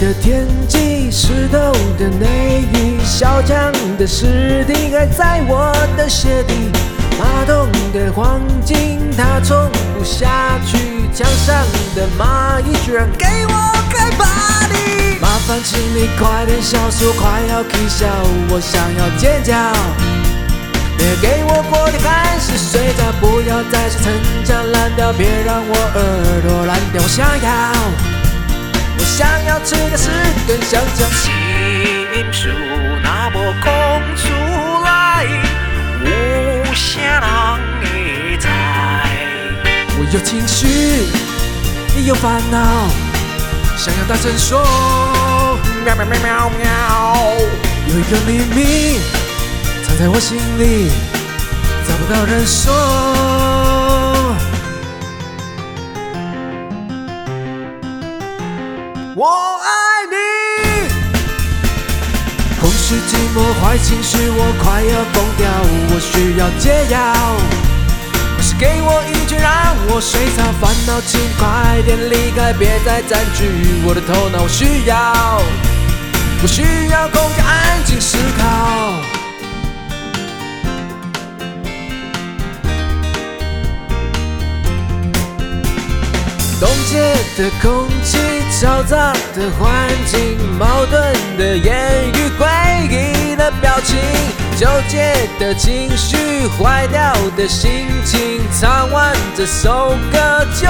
的天氣，溼透的內衣，小強的屍體還在我的鞋底，馬桶的黃金，它沖不下去，牆上的螞蟻居然給我開 Party 麻煩請你快點消失，我快要 ㄎㄧ 笑。我想要尖叫，別給我鍋貼還是水餃，不要再說陳腔濫調，別讓我耳朵爛掉，我想要。我想要吃掉十根香蕉。新宿哪謀公粗賴，五蝦郎 ㄟ 災。我有情緒，也有煩惱，想要大聲說。喵喵喵喵喵。有一個秘密藏在我心裡，找不到人說。我愛你。空虛、寂寞、壞情緒，我快要瘋掉。我需要解藥。或是給我一拳讓我睡着，煩惱請快點離開，別再佔據我的頭腦。我需要，我需要空間安靜思考。凍結的空氣，嘈雜的環境，矛盾的言語，詭異的表情，糾結的情緒，壞掉的心情，唱完這首歌就。